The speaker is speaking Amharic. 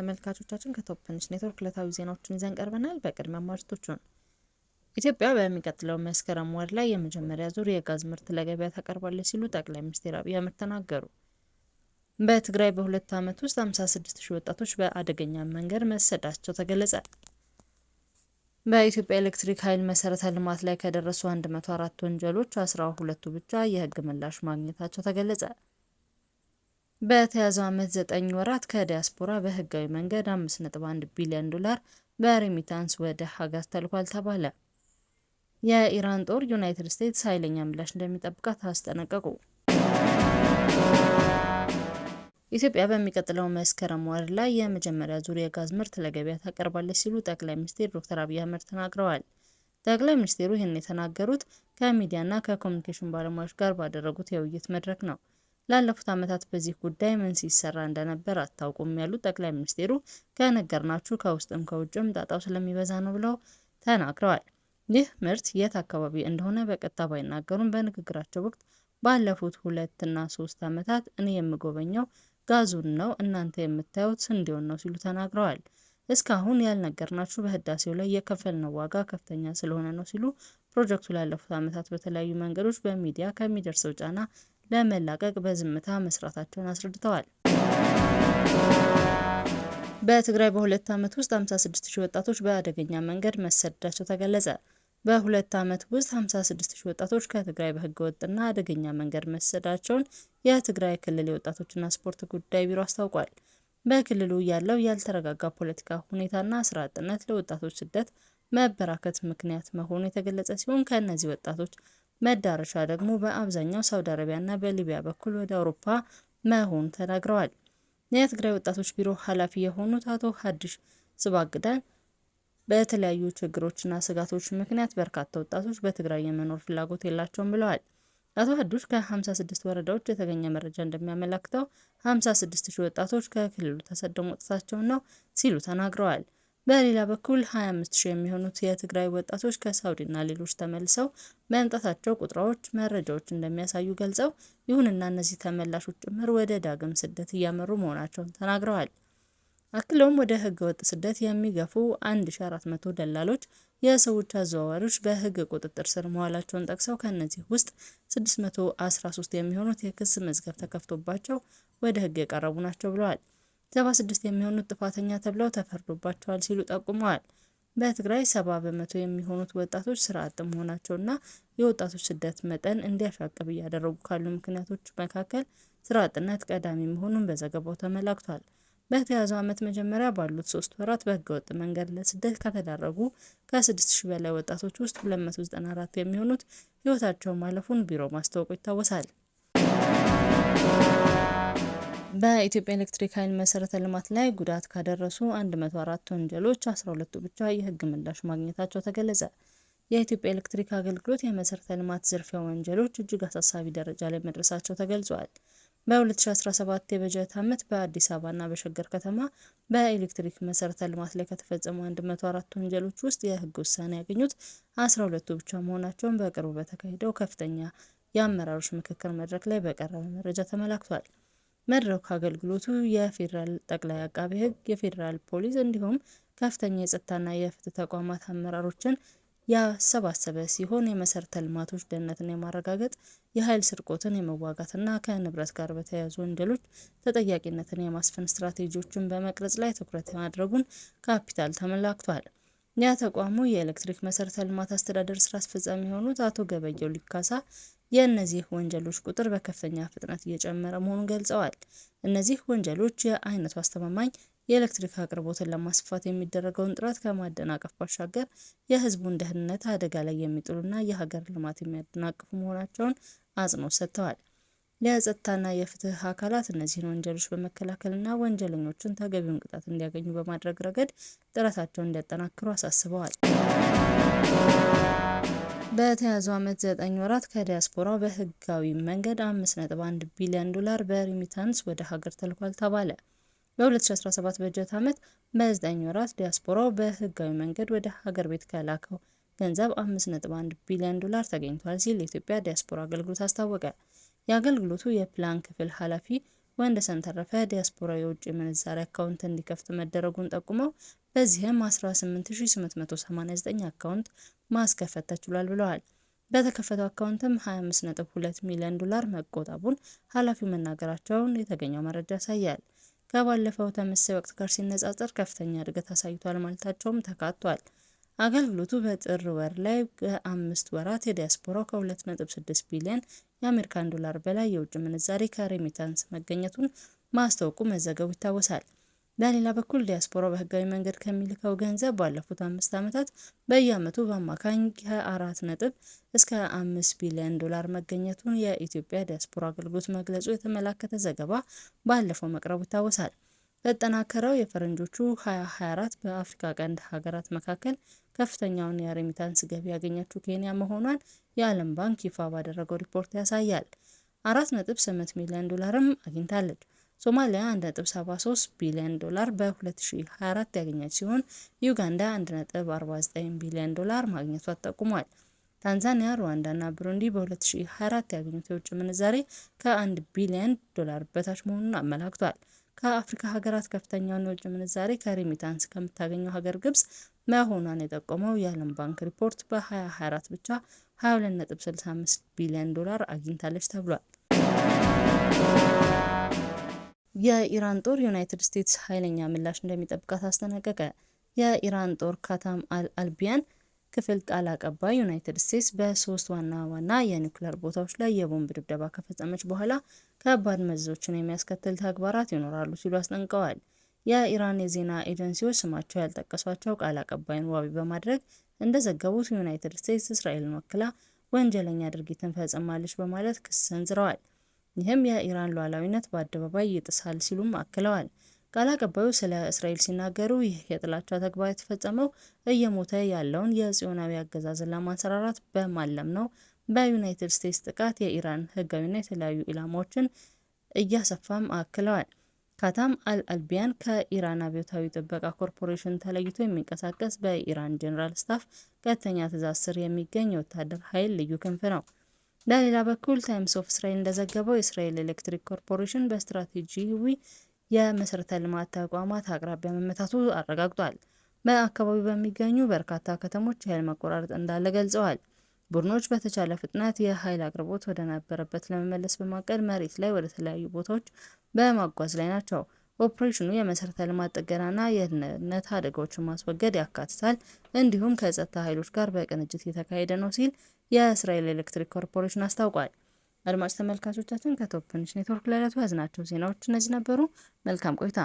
ተመልካቾቻችን ከቶፕ ትንሽ ኔትወርክ ዕለታዊ ዜናዎችን ይዘን ቀርበናል። በቅድሚያ ማርቶቹን ኢትዮጵያ በሚቀጥለው መስከረም ወር ላይ የመጀመሪያ ዙር የጋዝ ምርት ለገበያ ታቀርባለች ሲሉ ጠቅላይ ሚኒስትር አብይ አህመድ ተናገሩ። በትግራይ በሁለት ዓመት ውስጥ 56 ሺህ ወጣቶች በአደገኛ መንገድ መሰዳቸው ተገለጸ። በኢትዮጵያ ኤሌክትሪክ ኃይል መሰረተ ልማት ላይ ከደረሱ 104 ወንጀሎች 12ቱ ብቻ የህግ ምላሽ ማግኘታቸው ተገለጸ። በተያዘው ዓመት ዘጠኝ ወራት ከዲያስፖራ በህጋዊ መንገድ 5.1 ቢሊዮን ዶላር በሬሚታንስ ወደ ሀገር ተልኳል ተባለ። የኢራን ጦር ዩናይትድ ስቴትስ ኃይለኛ ምላሽ እንደሚጠብቃት አስጠነቀቁ። ኢትዮጵያ በሚቀጥለው መስከረም ወር ላይ የመጀመሪያ ዙር የጋዝ ምርት ለገበያ ታቀርባለች ሲሉ ጠቅላይ ሚኒስትር ዶክተር አብይ አህመድ ተናግረዋል። ጠቅላይ ሚኒስትሩ ይህን የተናገሩት ከሚዲያና ከኮሚኒኬሽን ባለሙያዎች ጋር ባደረጉት የውይይት መድረክ ነው። ላለፉት ዓመታት በዚህ ጉዳይ ምን ሲሰራ እንደነበር አታውቁም ያሉት ጠቅላይ ሚኒስትሩ ከነገርናችሁ ከውስጥም ከውጭም ጣጣው ስለሚበዛ ነው ብለው ተናግረዋል። ይህ ምርት የት አካባቢ እንደሆነ በቀጥታ ባይናገሩም በንግግራቸው ወቅት ባለፉት ሁለትና ሶስት ዓመታት እኔ የምጎበኘው ጋዙን ነው፣ እናንተ የምታዩት ስንዴውን ነው ሲሉ ተናግረዋል። እስካሁን ያልነገርናችሁ በህዳሴው ላይ የከፈልነው ዋጋ ከፍተኛ ስለሆነ ነው ሲሉ ፕሮጀክቱ ላለፉት ዓመታት በተለያዩ መንገዶች በሚዲያ ከሚደርሰው ጫና ለመላቀቅ በዝምታ መስራታቸውን አስረድተዋል። በትግራይ በሁለት ዓመት ውስጥ 56 ሺህ ወጣቶች በአደገኛ መንገድ መሰደዳቸው ተገለጸ። በሁለት ዓመት ውስጥ 56 ሺህ ወጣቶች ከትግራይ በህገወጥና አደገኛ መንገድ መሰደዳቸውን የትግራይ ክልል የወጣቶችና ስፖርት ጉዳይ ቢሮ አስታውቋል። በክልሉ ያለው ያልተረጋጋ ፖለቲካ ሁኔታና ስራ አጥነት ለወጣቶች ስደት መበራከት ምክንያት መሆኑ የተገለጸ ሲሆን ከእነዚህ ወጣቶች መዳረሻ ደግሞ በአብዛኛው ሳውዲ አረቢያና በሊቢያ በኩል ወደ አውሮፓ መሆኑ ተናግረዋል። የትግራይ ወጣቶች ቢሮ ኃላፊ የሆኑት አቶ ሀዲሽ ስባግዳን በተለያዩ ችግሮችና ስጋቶች ምክንያት በርካታ ወጣቶች በትግራይ የመኖር ፍላጎት የላቸውም ብለዋል። አቶ ሀዱሽ ከ56 ወረዳዎች የተገኘ መረጃ እንደሚያመላክተው 56 ሺህ ወጣቶች ከክልሉ ተሰደው መውጣታቸውን ነው ሲሉ ተናግረዋል። በሌላ በኩል 25 ሺህ የሚሆኑት የትግራይ ወጣቶች ከሳውዲና ሌሎች ተመልሰው መምጣታቸው ቁጥራዎች መረጃዎች እንደሚያሳዩ ገልጸው፣ ይሁንና እነዚህ ተመላሾች ጭምር ወደ ዳግም ስደት እያመሩ መሆናቸውን ተናግረዋል። አክለውም ወደ ወጥ ስደት የሚገፉ 1400 ደላሎች፣ የሰዎች አዘዋዋሪዎች በህግ ቁጥጥር ስር መዋላቸውን ጠቅሰው ከእነዚህ ውስጥ 613 የሚሆኑት የክስ መዝገብ ተከፍቶባቸው ወደ ህግ የቀረቡ ናቸው ብለዋል። 76 የሚሆኑት ጥፋተኛ ተብለው ተፈርዶባቸዋል ሲሉ ጠቁመዋል። በትግራይ 70 በመቶ የሚሆኑት ወጣቶች ስራ አጥ መሆናቸውና የወጣቶች ስደት መጠን እንዲያሻቅብ እያደረጉ ካሉ ምክንያቶች መካከል ስራ አጥነት ቀዳሚ መሆኑን በዘገባው ተመላክቷል። በተያዘው ዓመት መጀመሪያ ባሉት ሶስት ወራት በህገወጥ መንገድ ለስደት ከተዳረጉ ከ6000 በላይ ወጣቶች ውስጥ 294 የሚሆኑት ህይወታቸው ማለፉን ቢሮ ማስታወቁ ይታወሳል። በኢትዮጵያ ኤሌክትሪክ ኃይል መሰረተ ልማት ላይ ጉዳት ካደረሱ 104 ወንጀሎች 12ቱ ብቻ የህግ ምላሽ ማግኘታቸው ተገለጸ። የኢትዮጵያ ኤሌክትሪክ አገልግሎት የመሰረተ ልማት ዝርፊያ ወንጀሎች እጅግ አሳሳቢ ደረጃ ላይ መድረሳቸው ተገልጿል። በ2017 የበጀት ዓመት በአዲስ አበባና በሸገር ከተማ በኤሌክትሪክ መሰረተ ልማት ላይ ከተፈጸሙ 104 ወንጀሎች ውስጥ የህግ ውሳኔ ያገኙት 12ቱ ብቻ መሆናቸውን በቅርቡ በተካሄደው ከፍተኛ የአመራሮች ምክክር መድረክ ላይ በቀረበ መረጃ ተመላክቷል። መድረክ አገልግሎቱ የፌዴራል ጠቅላይ አቃቤ ሕግ፣ የፌዴራል ፖሊስ እንዲሁም ከፍተኛ የጸጥታና የፍትህ ተቋማት አመራሮችን ያሰባሰበ ሲሆን የመሰረተ ልማቶች ደህንነትን የማረጋገጥ፣ የኃይል ስርቆትን የመዋጋትና ከንብረት ጋር በተያያዙ ወንጀሎች ተጠያቂነትን የማስፈን ስትራቴጂዎችን በመቅረጽ ላይ ትኩረት ማድረጉን ካፒታል ተመላክቷል። የተቋሙ የኤሌክትሪክ መሰረተ ልማት አስተዳደር ስራ አስፈጻሚ የሆኑት አቶ ገበየው ሊካሳ የእነዚህ ወንጀሎች ቁጥር በከፍተኛ ፍጥነት እየጨመረ መሆኑን ገልጸዋል። እነዚህ ወንጀሎች የአይነቱ አስተማማኝ የኤሌክትሪክ አቅርቦትን ለማስፋት የሚደረገውን ጥረት ከማደናቀፍ ባሻገር የሕዝቡን ደህንነት አደጋ ላይ የሚጥሉና የሀገር ልማት የሚያደናቅፉ መሆናቸውን አጽንዖት ሰጥተዋል። የጸጥታና የፍትህ አካላት እነዚህን ወንጀሎች በመከላከልና ወንጀለኞቹን ተገቢውን ቅጣት እንዲያገኙ በማድረግ ረገድ ጥረታቸውን እንዲያጠናክሩ አሳስበዋል። በተያዘው ዓመት ዘጠኝ ወራት ከዲያስፖራው በህጋዊ መንገድ አንድ ቢሊዮን ዶላር በሪሚታንስ ወደ ሀገር ተልኳል ተባለ። በ2017 በጀት ዓመት በዘጠኝ ወራት ዲያስፖራው በህጋዊ መንገድ ወደ ሀገር ቤት ከላከው ገንዘብ 5.1 ቢሊዮን ዶላር ተገኝቷል ሲል የኢትዮጵያ ዲያስፖራ አገልግሎት አስታወቀ። የአገልግሎቱ የፕላን ክፍል ኃላፊ ወንደሰን ተረፈ ዲያስፖራ የውጭ ምንዛሪ አካውንት እንዲከፍት መደረጉን ጠቁመው በዚህም 18889 አካውንት ማስከፈት ተችሏል ብለዋል። በተከፈተው አካውንትም 25.2 ሚሊዮን ዶላር መቆጠቡን ኃላፊው መናገራቸውን የተገኘው መረጃ ያሳያል። ከባለፈው ተመሳሳይ ወቅት ጋር ሲነጻጸር ከፍተኛ እድገት አሳይቷል ማለታቸውም ተካቷል። አገልግሎቱ በጥር ወር ላይ በአምስት ወራት የዲያስፖራው ከ2.6 ቢሊዮን የአሜሪካን ዶላር በላይ የውጭ ምንዛሬ ከሬሚታንስ መገኘቱን ማስታወቁ መዘገቡ ይታወሳል። በሌላ በኩል ዲያስፖራው በህጋዊ መንገድ ከሚልከው ገንዘብ ባለፉት አምስት ዓመታት በየአመቱ በአማካኝ ከአራት ነጥብ እስከ አምስት ቢሊዮን ዶላር መገኘቱን የኢትዮጵያ ዲያስፖራ አገልግሎት መግለጹ የተመላከተ ዘገባ ባለፈው መቅረቡ ይታወሳል። ያጠናከረው የፈረንጆቹ 2024 በአፍሪካ ቀንድ ሀገራት መካከል ከፍተኛውን የሬሚታንስ ገቢ ያገኘችው ኬንያ መሆኗን የዓለም ባንክ ይፋ ባደረገው ሪፖርት ያሳያል። 4.8 ሚሊዮን ዶላርም አግኝታለች። ሶማሊያ 1.73 ቢሊዮን ዶላር በ2024 ያገኘች ሲሆን ዩጋንዳ 1.49 ቢሊዮን ዶላር ማግኘቷ ጠቁሟል። ታንዛኒያ፣ ሩዋንዳ እና ብሩንዲ በ2024 ያገኙት የውጭ ምንዛሬ ከ1 ቢሊዮን ዶላር በታች መሆኑን አመላክቷል። ከአፍሪካ ሀገራት ከፍተኛውን የውጭ ምንዛሬ ከሬሚታንስ ከምታገኘው ሀገር ግብጽ መሆኗን የጠቆመው የዓለም ባንክ ሪፖርት በ2024 ብቻ 22.65 ቢሊዮን ዶላር አግኝታለች ተብሏል። የኢራን ጦር ዩናይትድ ስቴትስ ኃይለኛ ምላሽ እንደሚጠብቃት አስጠነቀቀ። የኢራን ጦር ካታም አል አልቢያን ክፍል ቃል አቀባይ ዩናይትድ ስቴትስ በሶስት ዋና ዋና የኒውክሌር ቦታዎች ላይ የቦምብ ድብደባ ከፈጸመች በኋላ ከባድ መዘዞችን የሚያስከትል ተግባራት ይኖራሉ ሲሉ አስጠንቀዋል። የኢራን የዜና ኤጀንሲዎች ስማቸው ያልጠቀሷቸው ቃል አቀባይን ዋቢ በማድረግ እንደዘገቡት ዩናይትድ ስቴትስ እስራኤልን ወክላ ወንጀለኛ ድርጊትን ፈጽማለች በማለት ክስ ሰንዝረዋል። ይህም የኢራን ሉዓላዊነት በአደባባይ ይጥሳል ሲሉም አክለዋል። ቃል አቀባዩ ስለ እስራኤል ሲናገሩ ይህ የጥላቻ ተግባር የተፈጸመው እየሞተ ያለውን የጽዮናዊ አገዛዝን ለማንሰራራት በማለም ነው በዩናይትድ ስቴትስ ጥቃት የኢራን ህጋዊና የተለያዩ ኢላማዎችን እያሰፋም አክለዋል። ካታም አልአልቢያን ከኢራን አብዮታዊ ጥበቃ ኮርፖሬሽን ተለይቶ የሚንቀሳቀስ በኢራን ጀኔራል ስታፍ ቀጥተኛ ትእዛዝ ስር የሚገኝ የወታደር ኃይል ልዩ ክንፍ ነው። በሌላ በኩል ታይምስ ኦፍ እስራኤል እንደዘገበው የእስራኤል ኤሌክትሪክ ኮርፖሬሽን በስትራቴጂዊ የመሰረተ ልማት ተቋማት አቅራቢያ መመታቱ አረጋግጧል። በአካባቢው በሚገኙ በርካታ ከተሞች የኃይል መቆራረጥ እንዳለ ገልጸዋል። ቡድኖች በተቻለ ፍጥነት የኃይል አቅርቦት ወደ ነበረበት ለመመለስ በማቀድ መሬት ላይ ወደ ተለያዩ ቦታዎች በማጓዝ ላይ ናቸው። ኦፕሬሽኑ የመሰረተ ልማት ጥገናና የደህንነት አደጋዎችን ማስወገድ ያካትታል። እንዲሁም ከጸጥታ ኃይሎች ጋር በቅንጅት የተካሄደ ነው ሲል የእስራኤል ኤሌክትሪክ ኮርፖሬሽን አስታውቋል። አድማጭ ተመልካቾቻችን ከቶፕ ትንሽ ኔትወርክ ለዕለቱ ያዝናቸው ዜናዎች እነዚህ ነበሩ። መልካም ቆይታ